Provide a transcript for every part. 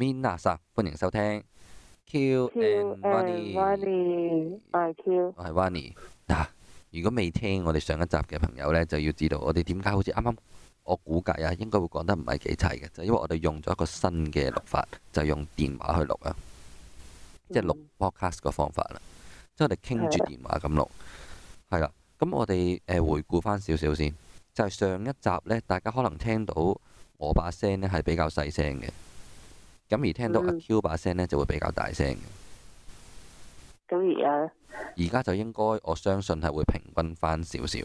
Minna san，歡迎收聽。Q and Ronnie，我係 Ronnie。如果未聽我哋上一集嘅朋友呢，就要知道我哋點解好似啱啱我估計啊，應該會講得唔係幾齊嘅，就是、因為我哋用咗一個新嘅錄法，就是、用電話去錄啊，即、就、係、是、錄 podcast 個方法啦。Mm hmm. 即係我哋傾住電話咁錄係啦。咁 Yeah. 我哋誒回顧翻少少先，就係、是、上一集呢，大家可能聽到我把聲呢係比較細聲嘅。咁而聽到阿 Q 把聲咧，就會比較大聲嘅。咁而家，而家就應該我相信係會平均翻少少。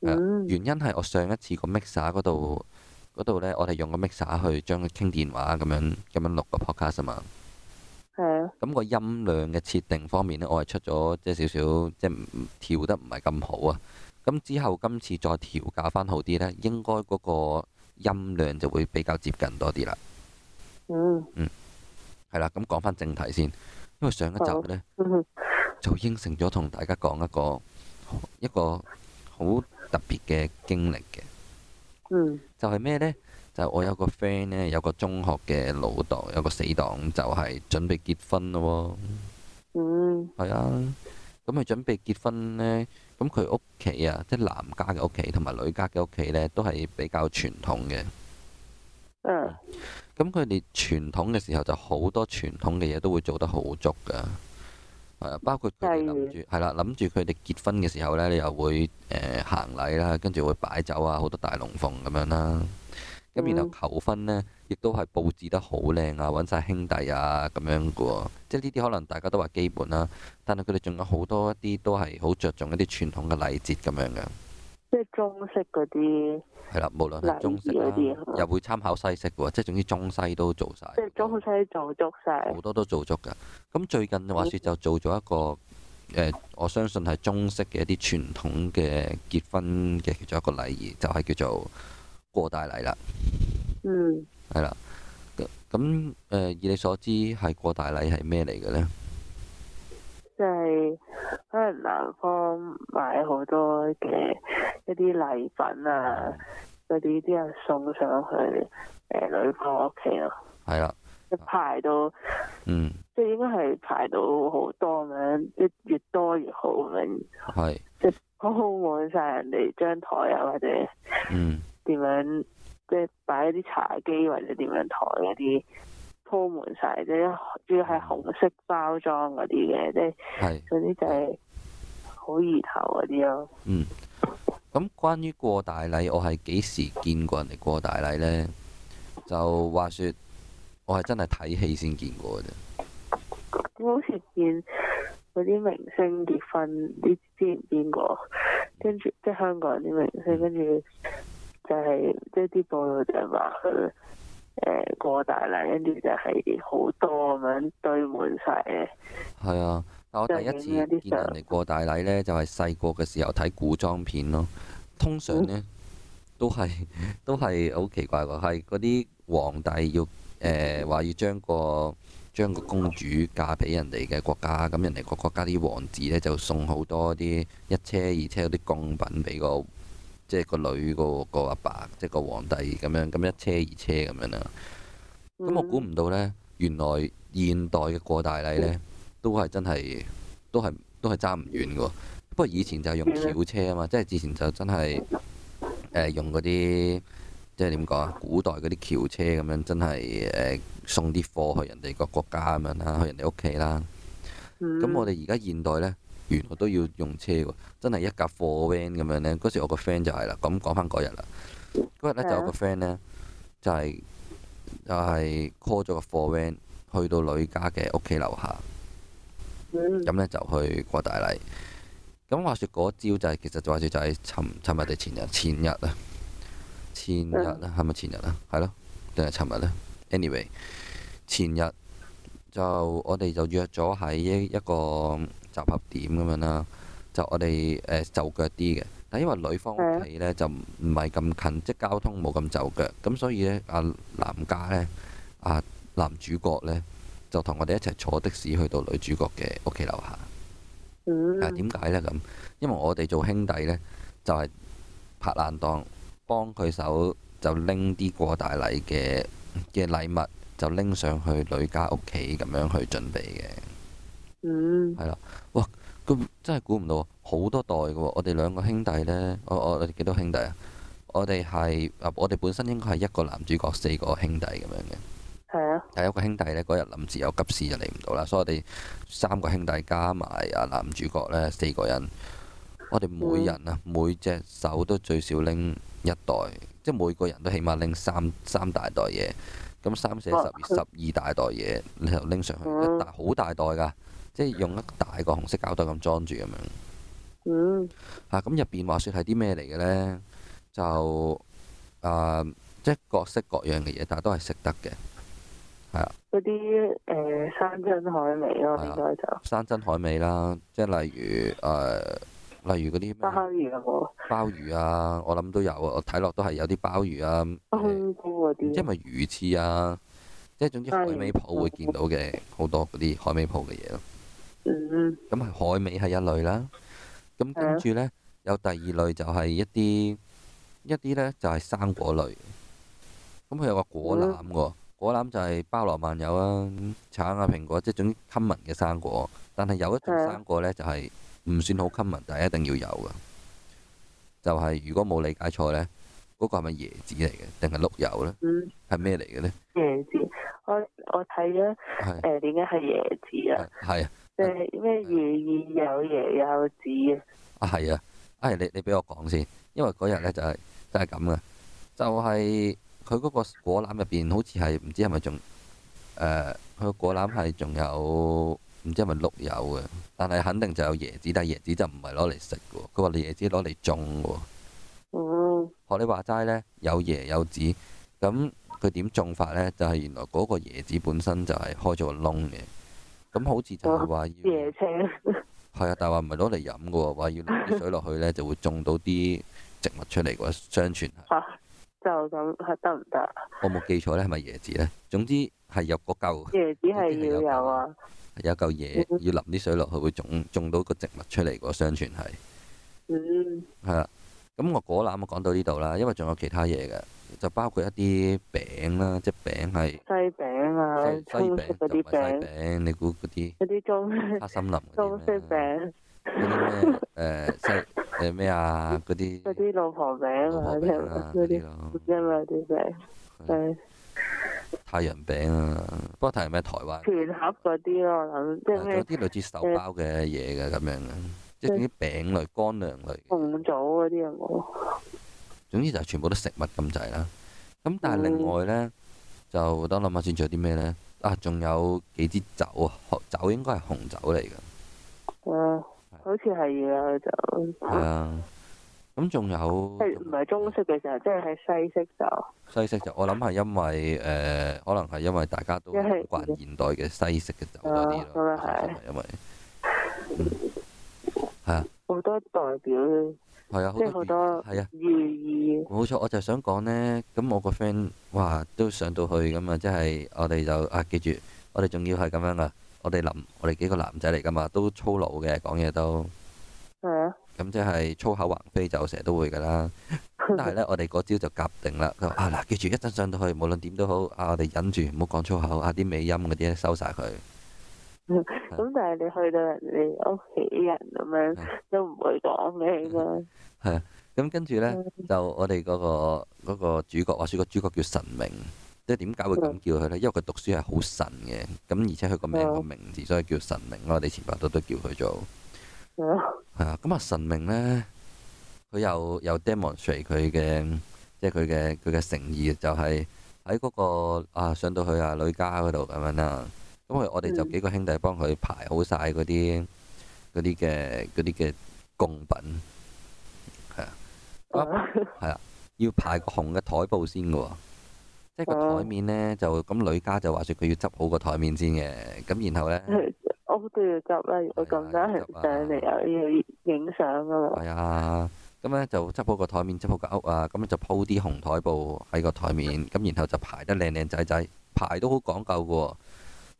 原因係我上一次個 mixer 嗰度嗰度呢，我哋用個 mixer 去將佢傾電話咁樣咁樣錄個 podcast 嘛。係啊。咁個音量嘅設定方面呢，我係出咗即係少少，即係調得唔係咁好啊。咁之後今次再調校翻好啲呢，應該嗰個音量就會比較接近多啲啦。Mm. 嗯，嗯，係啦，咁講翻正題先，因為上一集呢，oh. mm hmm. 就應承咗同大家講一個一個好特別嘅經歷嘅，嗯，mm. 就係咩呢？就係我有個 friend 呢，有個中學嘅老豆，有個死黨就係準備結婚咯，哦，嗯，mm.，係啊，咁佢準備結婚呢，咁佢屋企啊，即係男家嘅屋企同埋女家嘅屋企呢，都係比較傳統嘅，mm. 咁佢哋傳統嘅時候就好多傳統嘅嘢都會做得好足噶，包括佢哋諗住係啦，諗住佢哋結婚嘅時候呢，你又會、呃、行禮啦，跟住會擺酒啊，好多大龍鳳咁樣啦。咁然後求婚呢，亦都係佈置得好靚啊，揾晒兄弟啊咁樣嘅喎。即係呢啲可能大家都話基本啦、啊，但係佢哋仲有好多一啲都係好着重一啲傳統嘅禮節咁樣嘅。即係中式嗰啲，係啦，無論係中式嗰啲，又會參考西式喎，即係總之中西都做晒，即係中西做足晒，好多都做足㗎。咁最近話説就做咗一個誒、嗯呃，我相信係中式嘅一啲傳統嘅結婚嘅其中一個禮儀，就係、是、叫做過大禮啦。嗯。係啦。咁誒、呃，以你所知係過大禮係咩嚟嘅咧？即係。可能男方買好多嘅一啲禮品啊，嗰啲啲人送上去，誒、呃、女方屋企咯。係啦的，一排到，嗯，即係應該係排到好多咁樣，越越多越好咁樣。係是。即係鋪滿晒人哋張台啊，或者，嗯，點樣，即係擺一啲茶几或者點樣台嗰啲。鋪滿晒，即主要係紅色包裝嗰啲嘅，即係嗰啲就係好意頭嗰啲咯。嗯，咁關於過大禮，我係幾時見過人哋過大禮咧？就話說，我係真係睇戲先見過嘅。我好似見嗰啲明星結婚，之前見過，跟住即係香港啲明星，跟住就係、是、即係啲報道就係話。寶寶寶寶寶寶寶寶誒過大禮一啲就係好多咁樣堆滿晒嘅。係啊，但我第一次見人哋過大禮呢，就係細個嘅時候睇古裝片咯。通常呢，都係都係好奇怪喎，係嗰啲皇帝要誒話、呃、要將個將個公主嫁俾人哋嘅國家，咁人哋個國家啲王子呢，就送好多啲一,一車二車嗰啲貢品俾個。即係個女個個阿爸，即係個皇帝咁樣咁一車二車咁樣啦。咁我估唔到呢，原來現代嘅過大禮呢，都係真係都係都係爭唔遠嘅。不過以前就係用轎車啊嘛，即係之前就真係誒、呃、用嗰啲即係點講啊？古代嗰啲轎車咁樣真係誒、呃、送啲貨去人哋個國家咁樣啦，去人哋屋企啦。咁我哋而家現代呢。原來都要用車喎，真係一架貨 van 咁樣呢。嗰時我個 friend 就係啦。咁講返嗰日啦，嗰日呢，就有個 friend 呢，就係、是、就係 call 咗個貨 van 去到女家嘅屋企樓下，咁呢就去過大禮。咁話說嗰朝就係、是、其實話說就係尋尋日定前日前日啊，前日啊係咪前日啊？係咯，定係尋日呢？Anyway，前日就我哋就約咗喺一一個。集合點咁樣啦，就我哋誒就腳啲嘅，但因為女方屋企咧就唔係咁近，的即交通冇咁就腳，咁所以咧阿男家咧，阿男主角咧就同我哋一齊坐的士去到女主角嘅屋企樓下。嗯。誒點解咧咁？因為我哋做兄弟咧，就係、是、拍爛檔幫佢手，就拎啲過大禮嘅嘅禮物，就拎上去女家屋企咁樣去準備嘅。嗯，係啦，哇，咁真係估唔到，好多袋嘅喎。我哋兩個兄弟呢，哦、我我哋幾多兄弟啊？我哋係啊，我哋本身應該係一個男主角，四個兄弟咁樣嘅。係啊的。第一個兄弟呢，嗰日臨時有急事就嚟唔到啦，所以我哋三個兄弟加埋啊男主角呢，四個人，我哋每人啊、嗯、每隻手都最少拎一袋，即係每個人都起碼拎三三大袋嘢。咁三四十、十二大袋嘢，你又拎上去，嗯、一大好大袋噶，即係用一大個紅色膠袋咁裝住咁樣。嗯。嚇、啊！咁入邊話説係啲咩嚟嘅咧？就誒、呃，即係各式各樣嘅嘢，但係都係食得嘅，係啊。嗰啲誒山珍海味咯，應該就。山珍海味啦、啊啊啊，即係例如誒。呃例如嗰啲咩鮑魚啊，我諗都有啊。我睇落都係有啲鮑魚啊，即係咪魚翅啊？即係總之海味鋪會見到嘅好多嗰啲海味鋪嘅嘢咯。咁係、嗯、海味係一類啦、啊。咁跟住呢，嗯、有第二類就係一啲一啲呢就係、是、生果類。咁佢有個果籃嘅、啊，嗯、果籃就係包羅萬有啊，橙啊、蘋果，即係總之親民嘅生果。但係有一種生果呢、嗯，就係、嗯。唔算好 common，但係一定要有嘅。就係、係、如果冇理解錯咧，嗰、嗰個係咪椰子嚟嘅，定係碌柚咧？係咩嚟嘅咧？呢椰子，我我睇咗誒，點解係椰子啊？係啊，即係咩寓意有椰有子啊？啊係啊，啊係你你俾我講先，因為嗰日咧就係就係咁噶，就係佢嗰個果籃入邊好似係唔知係咪仲誒，佢個果籃係仲有。呃唔知係咪碌柚啊？但係肯定就有椰子。但係椰子就唔係攞嚟食嘅，佢話你椰子攞嚟種嘅。哦、嗯，學你話齋咧，有椰有籽，咁佢點種法咧？就係、是、原來嗰個椰子本身就係開咗個窿嘅。咁好似就係話要、哦、椰青。係 啊，但係話唔係攞嚟飲嘅，話要落啲水落去咧，就會種到啲植物出嚟嘅。相傳、啊、就咁係得唔得？我冇記錯咧，係咪椰子咧？總之係入嗰嚿。椰子係要有啊。有一嚿嘢要淋啲水落去，會種種到個植物出嚟。個相傳係，係啦、嗯。咁我果籃我講到呢度啦，因為仲有其他嘢嘅，就包括一啲餅啦，即係餅係西餅啊，西式啲餅，餅你估嗰啲嗰啲中式黑森林嗰啲咩？西咩啊？嗰啲嗰啲老婆餅啊，嗰啲，嗰太陽餅啊，不過太陽餅係台灣。全盒嗰啲咯，即係咩？有啲類似手包嘅嘢嘅咁樣嘅，即係啲餅類、乾糧類。紅棗嗰啲有冇？總之就係全部都食物咁滯啦。咁但係另外咧，就得諗下先，仲有啲咩咧？啊，仲有幾支酒啊？酒應該係紅酒嚟㗎。啊，好似係啊。就，係啊。咁仲有唔係中式嘅時候，即係係西式就。西式就，我諗係因為誒、呃，可能係因為大家都慣現代嘅西式嘅酒多啲咯。係啊，好多代表，即啊，好多、啊、意義。冇錯，我就想講呢，咁我個 friend 嘩都上到去嘛，咁、就、啊、是，即係我哋就啊，記住，我哋仲要係咁樣噶，我哋諗，我哋幾個男仔嚟噶嘛，都粗魯嘅，講嘢都。係啊。咁即係粗口橫飛就成日都會噶啦，但係咧我哋嗰招就夾定啦。佢話，啊嗱，記住一陣上到去，無論點都好，啊我哋忍住唔好講粗口，啊啲尾音嗰啲收曬佢。咁但係你去到人哋屋企人咁樣都唔會講嘅應該。係啊，咁跟住咧就我哋嗰個嗰個主角話説個主角叫神明，即係點解會咁叫佢咧？因為佢讀書係好神嘅，咁而且佢個名個名字所以叫神明啦。我哋前排都都叫佢做。係啊，咁啊神明咧，佢又有 demonstrate 佢嘅，即係佢嘅佢嘅誠意就、那個，就係喺嗰個啊上到去啊女家嗰度咁樣啦。咁佢我哋就幾個兄弟幫佢排好晒嗰啲嗰啲嘅嗰啲嘅供品，係啊，係啊，啊，啊，要排個紅嘅台布先嘅喎、哦，即係個、啊、台面咧就咁女家就話說佢要執好個台面先嘅，咁然後咧。嗯屋、oh, 都要執啦，如果我咁樣上嚟又、哎、要影相噶嘛。係啊，咁咧、哎、就執好個台面，執好個屋啊，咁就鋪啲紅台布喺個台面，咁然後就排得靚靚仔仔，排都好講究噶。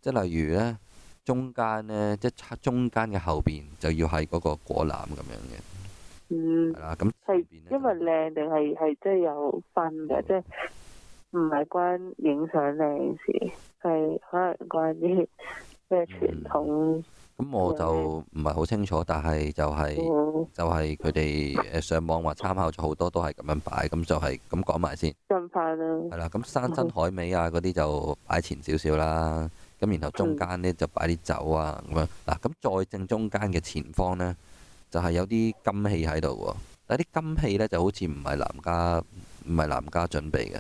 即係例如咧，中間咧，即係中間嘅後邊就要係嗰個果籃咁樣嘅。嗯。係啦是，咁係因為靚定係係即係有分嘅，哦、即係唔係關影相靚事，係可能關啲。傳統咁我就唔係好清楚，但係就係、是嗯、就係佢哋誒上網話參考咗好多都樣擺，都係咁樣擺，咁就係咁講埋先。近翻啦。係啦，咁山珍海味啊嗰啲就擺前少少啦。咁然後中間呢就擺啲酒啊咁樣嗱。咁再正中間嘅前方呢，就係、是、有啲金器喺度喎，但啲金器呢就好似唔係男家唔係男家準備嘅，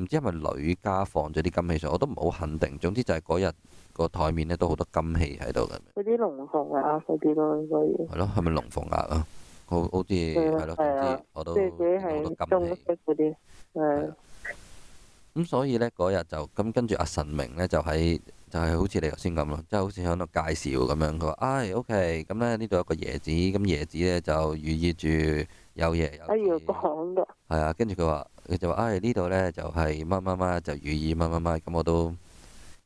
唔知係咪女家放咗啲金器上，我都唔好肯定。總之就係嗰日。個台面咧都好多金器喺度嘅，嗰啲龍鳳鴨嗰啲咯，所以係咯，係咪龍鳳鴨啊？好好似係咯，總之我都好多金器嗰啲，係。咁所以咧嗰日，就咁跟住阿神明咧就喺就係好似你頭先咁咯，即係好似喺度介紹咁樣。佢話：，唉，OK，咁咧呢度有個椰子，咁椰子咧就寓意住有嘢有啲。我要講㗎。係啊，跟住佢話，佢就話：，唉，呢度咧就係乜乜乜，就寓意乜乜乜，咁我都。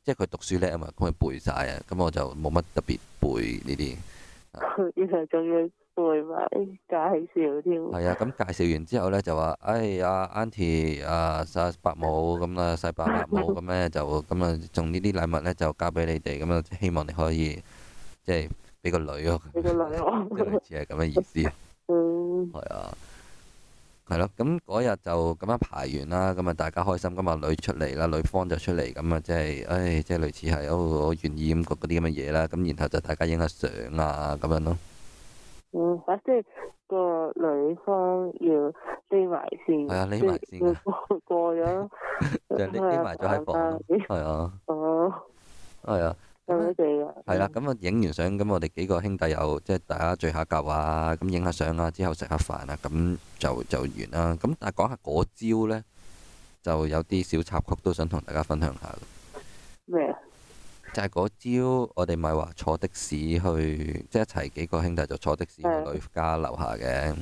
即係佢讀書叻啊嘛，咁佢背晒啊，咁我就冇乜特別背呢啲。佢又仲要背埋介紹添。係啊，咁介紹完之後咧，就話：哎呀，Auntie 啊，細伯母咁啊，細伯伯母咁咧，就咁啊，送呢啲禮物咧，就交俾你哋咁啊，希望你可以即係俾個女咯，啊。俾個女我，啊。佢類似係咁嘅意思。嗯。係啊。係咯，咁嗰日就咁樣排完啦，咁啊大家開心，咁啊女出嚟啦，女方就出嚟，咁啊即係，唉，即係類似係我願意咁嗰啲咁嘅嘢啦，咁然後就大家影下相啊咁樣咯。嗯，啊，即係個女方要匿埋先。係啊，匿埋先㗎。過咗。就匿匿埋咗喺房。係啊。哦。係啊。係、嗯、啦，咁啊影完相，咁我哋幾個兄弟又即係大家聚下舊啊，咁影下相啊，之後食下飯啊，咁就就完啦。咁但係講下嗰朝呢，就有啲小插曲都想同大家分享下。咩麼？就係嗰朝，我哋咪係話坐的士去，即、就、係、是、一齊幾個兄弟就坐的士去女家樓下嘅。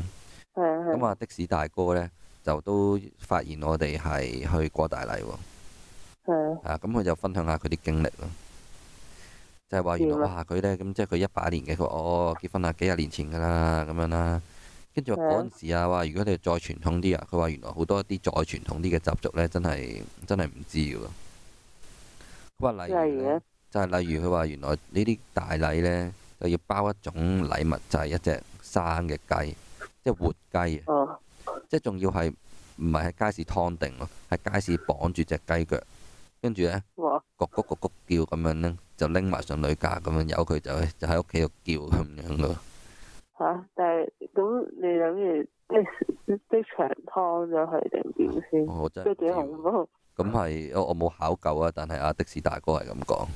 係啊咁啊，的，的士大哥呢，就都發現我哋係去過大禮喎。係的啊。啊，咁佢就分享下佢啲經歷咯。就係話原來哇，佢呢，咁即係佢一百年嘅佢哦，結婚啊幾廿年前㗎啦咁樣啦，跟住話嗰陣時，啊哇，如果你再傳統啲啊，佢話原來好多啲再傳統啲嘅習俗呢，真係真係唔知喎。佢話例如呢，就係、是、例如佢話原來呢啲大禮呢，就要包一種禮物就係、是、一隻生嘅雞，即係活雞啊，哦、即係仲要係唔係喺街市劏定咯，喺街市綁住隻雞腳。跟住咧，哇，咕咕咕咕叫咁樣咧，就拎埋上女架咁樣，由佢就就喺屋企度叫咁樣噶、啊。吓，但係咁你諗住，即係即場湯咗佢定點先？我真幾恐怖。咁係，我我冇考究啊，但係阿、啊、的士大哥係咁講。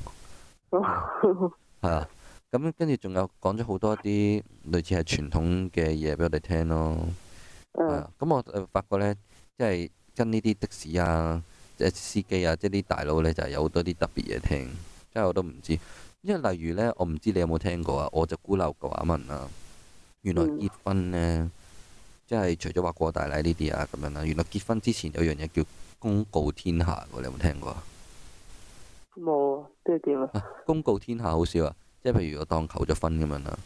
係、嗯、啊，咁跟住仲有講咗好多啲類似係傳統嘅嘢俾我哋聽咯。係、嗯、咁、嗯嗯、我誒發覺咧，即係跟呢啲的士啊。即係司機啊！即係啲大佬呢，就係、有好多啲特別嘢聽，即係我都唔知。因為例如呢，我唔知你有冇聽過啊？我就孤陋寡聞啦、啊，原來結婚呢，嗯、即係除咗話過大禮呢啲啊咁樣啦。原來結婚之前有樣嘢叫公告天下喎、啊，你有冇聽過啊？冇，即係點啊？公告天下好少啊！即係譬如我當求咗婚咁樣啦、啊，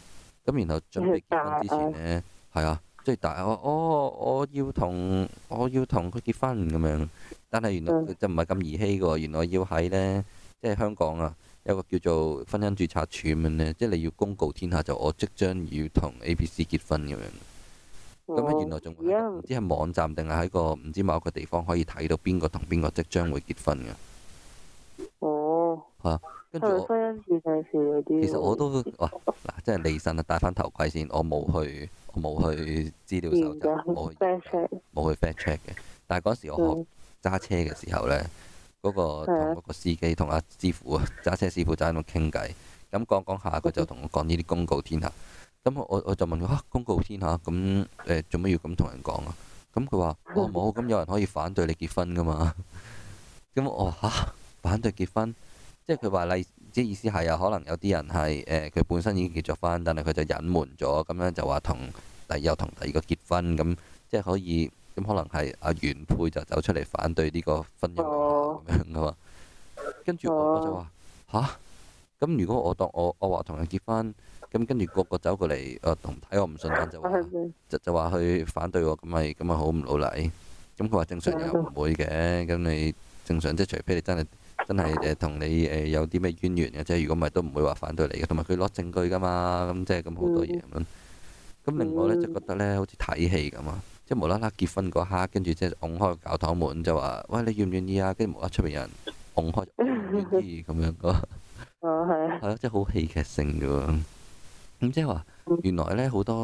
咁、啊啊啊、然後準備結婚之前呢，係啊。最大我我、哦、我要同我要同佢結婚咁樣，但係原來佢就唔係咁兒戲嘅喎，原來要喺呢，即係香港啊，有個叫做婚姻註冊處咁樣，即係你要公告天下就我即將要同 A B C 結婚咁樣。哦。咁原來仲唔現在 知係網站定係喺個唔知某一個地方可以睇到邊個同邊個即將會結婚嘅。哦。係啊，跟住我。婚姻註冊處啲。其實我都嗱，即係離神啊，戴翻頭盔先，我冇去。冇去資料搜集，冇去，去 fact check 冇去 fact check 嘅。但係嗰時我學揸車嘅時候咧，嗰、嗯、個同嗰個司機同阿師傅啊揸車師傅講一講一就喺度傾偈。咁講講下佢就同我講呢啲公告天下。咁我我就問佢嚇、啊、公告天下，咁誒做乜要咁同人講啊？咁佢話：我、哦、冇，咁有人可以反對你結婚噶嘛？咁我話反對結婚，即係佢話你即係意思係有可能有啲人係誒佢本身已經結咗婚，但係佢就隱瞞咗，咁樣就話同。第又同第二個結婚咁，即係可以咁可能係阿原配就走出嚟反對呢個婚姻咁樣嘅話。啊、跟住我、啊、我就話吓，咁如果我當我我話同人結婚，咁跟住個個走過嚟誒同睇我唔順眼就話的就就話佢反對我，咁咪咁咪好唔老禮。咁佢話正常又唔會嘅，咁你正常即係的除非你真係真係誒同你誒、呃、有啲咩淵源嘅，即係如果唔係都唔會話反對你嘅。同埋佢攞證據噶嘛，咁即係咁好多嘢咁。咁另外咧就覺得咧好似睇戲咁啊，即係無啦啦結婚嗰刻，跟住即係掹開教堂門就話，喂，你願唔願意啊？跟住無啦出邊有人掹開願意咁樣個。哦、啊，係啊。係咯，即係好戲劇性嘅喎。咁即係話，原來咧好多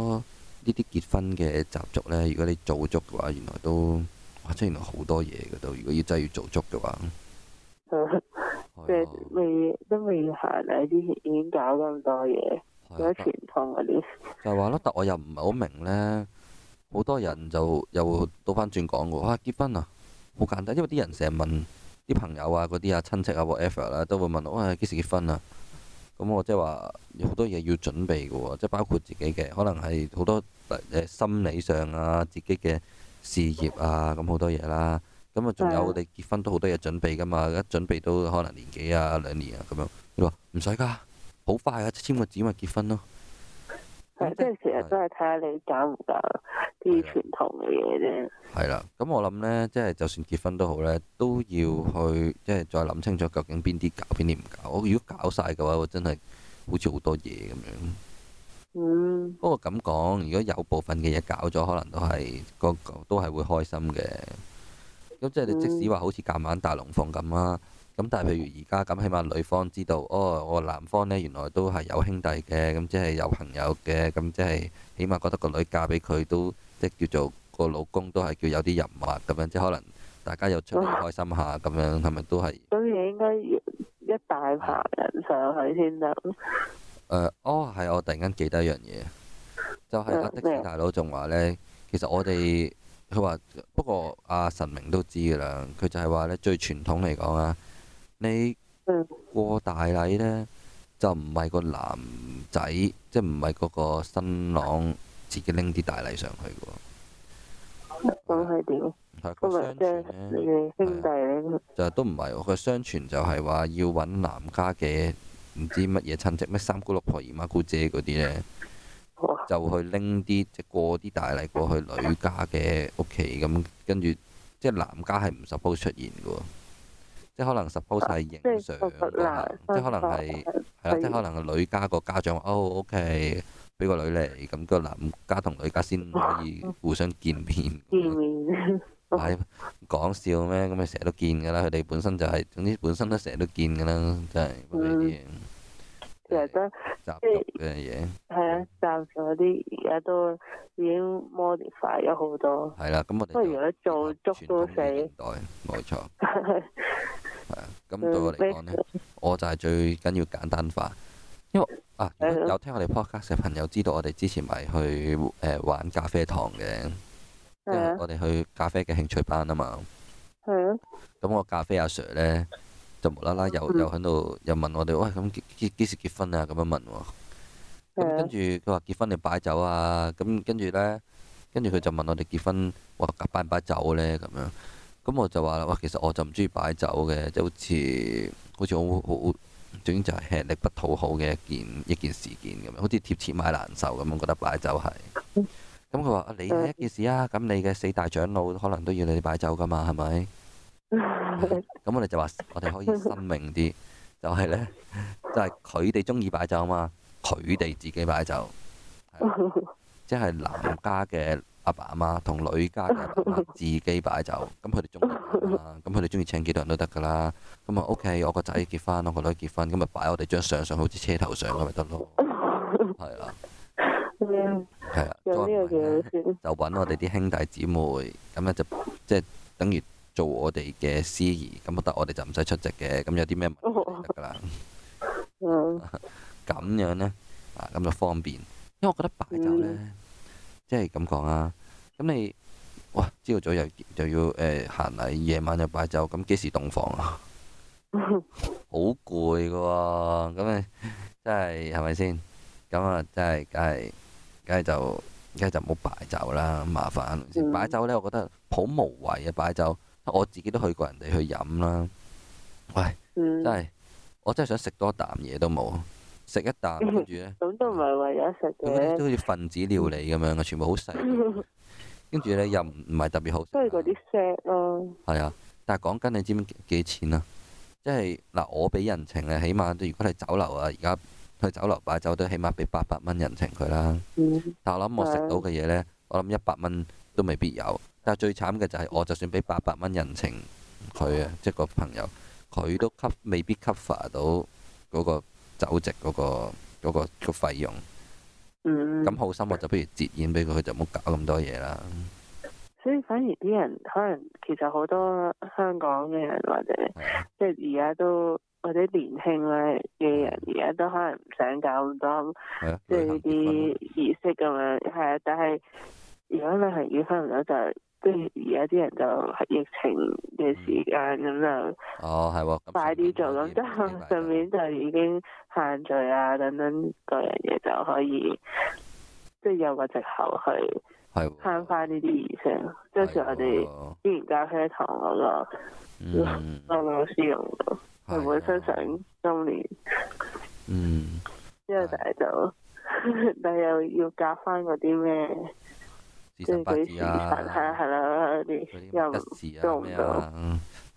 呢啲結婚嘅習俗咧，如果你做足嘅話，原來都哇，即係原來好多嘢嘅都，如果要真係要做足嘅話。係啊、 哎呦。即係未都未行啊！啲，已經搞咁多嘢。嗰啲傳統就話咯，但我又唔係好明呢。好多人就又倒翻轉講喎，哇！結婚啊，好簡單，因為啲人成日問啲朋友啊、嗰啲啊、親戚啊、whatever 啦，都會問我啊，幾時結婚啊？咁我即係話好多嘢要準備嘅喎，即係包括自己嘅，可能係好多誒心理上啊、自己嘅事業啊咁好多嘢啦。咁啊，仲有我哋結婚都好多嘢準備㗎嘛，一準備都可能年幾啊、兩年啊咁樣。你話唔使㗎？好快啊！簽個紙咪結婚咯，啊。係即係成日都係睇下你搞唔搞啲傳統嘅嘢啫。係啦，咁我諗呢，即係就算結婚都好呢，都要去即係、就是、再諗清楚究竟邊啲搞邊啲唔搞。如果搞晒嘅話，我真係好似好多嘢咁樣。嗯、不過咁講，如果有部分嘅嘢搞咗，可能都係個都係會開心嘅。咁即係你即使話好似夾硬大龍鳳咁啦。咁但係譬如而家咁，起碼女方知道哦，我男方呢，原來都係有兄弟嘅，咁即係有朋友嘅，咁即係起碼覺得個女嫁俾佢都即叫做個老公都係叫有啲人脈咁樣，即係可能大家又出嚟，開心下咁樣係咪都係？咁嘢應該一大排人上去先得、呃。哦，係我突然間記得一樣嘢，就係、是、阿的士大佬仲話呢，其實我哋佢話不過阿、啊、神明都知㗎啦，佢就係話呢，最傳統嚟講啊。你過大禮呢，就唔係個男仔，即係唔係嗰個新郎自己拎啲大禮上去噶？咁係點？係個相傳咧，係啊，就係、啊、都唔係，個相傳就係話要搵男家嘅唔知乜嘢親戚，咩三姑六婆、姨媽姑姐嗰啲呢，就去拎啲即係過啲大禮過去女家嘅屋企，咁跟住即係男家係唔 suppose 出現噶。即係可能 suppose 係影相即係可能係係啦，男對即係可能個女家個家長哦 OK，俾個女嚟，咁個男家同女家先可以互相見面。見面，唉講笑咩？咁咪成日都見㗎啦！佢哋本身就係、是，總之本身都成日都見㗎啦，真係呢啲嘢。其實都習俗嘅嘢，係啊！暫時嗰啲而家都已經 modify 咗好多。係啦，咁我哋做足到死。對，冇錯。係啊，咁對我嚟講呢，我就係最緊要簡單化，因為啊，有聽我哋 podcast 嘅朋友知道我哋之前咪去誒玩咖啡堂嘅，即係我哋去咖啡嘅興趣班啊嘛。咁我咖啡阿 Sir 呢，就無啦啦又又喺度又問我哋，喂咁幾幾時結婚啊？咁樣問喎。咁跟住佢話結婚你擺酒啊，咁跟住呢，跟住佢就問我哋結婚話擺唔擺酒呢？咁樣。咁、嗯、我就話啦，哇！其實我就唔中意擺酒嘅，就好似好似我好總之就係吃力不討好嘅一件一件事件咁樣，好似貼錢買難受咁，覺得擺酒係。咁佢話：啊、嗯嗯，你係一件事啊，咁你嘅四大長老可能都要你擺酒㗎嘛，係咪？咁我哋就話：我哋可以生命啲，就係、是、呢，就係佢哋中意擺酒嘛，佢哋自己擺酒，即係、就是、男家嘅，阿爸阿媽同女家嘅阿媽自己擺酒，咁佢哋中意，咁佢哋中意請幾多人都得噶啦。咁啊，O.K. 我個仔結婚，我個女結婚，咁咪擺我哋張相上，好似車頭相咁咪得咯。係啦，係啦，就揾我哋啲兄弟姊妹，咁咧就即係等於做我哋嘅司儀，咁覺得我哋就唔使出席嘅。咁有啲咩問題得噶啦？咁 樣咧啊，咁就方便，因為我覺得擺酒咧。即係咁講啊！咁你哇，朝早又就要誒、呃、行禮，夜晚又擺酒，咁幾時洞房啊？好攰㗎喎！咁你，即係係咪先？咁啊，即係梗係梗係就梗係就冇擺酒啦，麻煩、啊！嗯、擺酒呢，我覺得好無謂啊！擺酒，我自己都去過人哋去飲啦、啊。喂，真係、嗯、我真係想食多啖嘢都冇。食一啖，跟住咧，咁、嗯、都唔係為咗食嘅咧，都好似分子料理咁樣啊，全部好細，跟住咧又唔唔係特別好食，都係嗰啲腥咯。係啊，但係講緊你知唔知幾錢啊？即係嗱，我俾人情啊，起碼如果係酒樓啊，而家去酒樓擺酒都起碼俾八百蚊人情佢啦。嗯、但係我諗我食到嘅嘢咧，我諗一百蚊都未必有。但係最慘嘅就係、是，我就算俾八百蚊人情佢啊，嗯、即係個朋友，佢都吸未必 cover 到嗰個，酒席嗰、嗰個嗰、嗰個、嗰個費用，咁、嗯、好心我就不如節儉俾佢，佢就唔好搞咁多嘢啦。所以反而啲人可能其實好多香港嘅人或者即係而家都或者年輕咧嘅人而家都可能唔想搞咁多，啊、即係呢啲儀式咁樣係啊。但係如果你係要經分唔就。即係而家啲人就係疫情嘅時間咁就，哦，係快啲做咁即係順便就已經限聚啊等等各樣嘢就可以，即係有個藉口去 emotion, 吧，係慳翻呢啲儀式。即係好似我哋之前咖啡堂嗰個老、嗯、老師用到，佢本身想今年，嗯，之後就但又要夾翻嗰啲咩？自身八字啊，係啊係啦啲，又唔做唔到，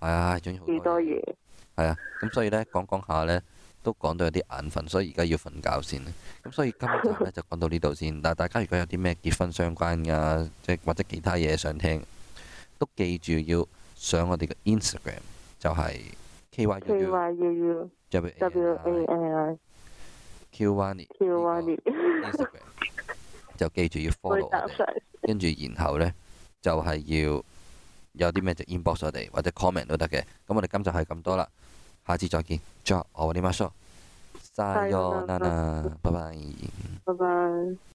係啊，總之好多嘢，係啊，咁所以咧講講下咧，都講到有啲眼瞓，所以而家要瞓覺先。咁所以今集咧就講到呢度先。但係大家如果有啲咩結婚相關噶，即係或者其他嘢想聽，都記住要上我哋嘅 Instagram，就係 K Y U U，就係 W A L，K Y U，K Y U。就記住要 follow 我哋，跟住然後呢，就係、是、要有啲咩就 inbox 我哋或者 comment 都得嘅。咁我哋今集係咁多啦，下次再見。Cheers，我哋嚟埋數，三、四、拜拜。拜拜。拜拜。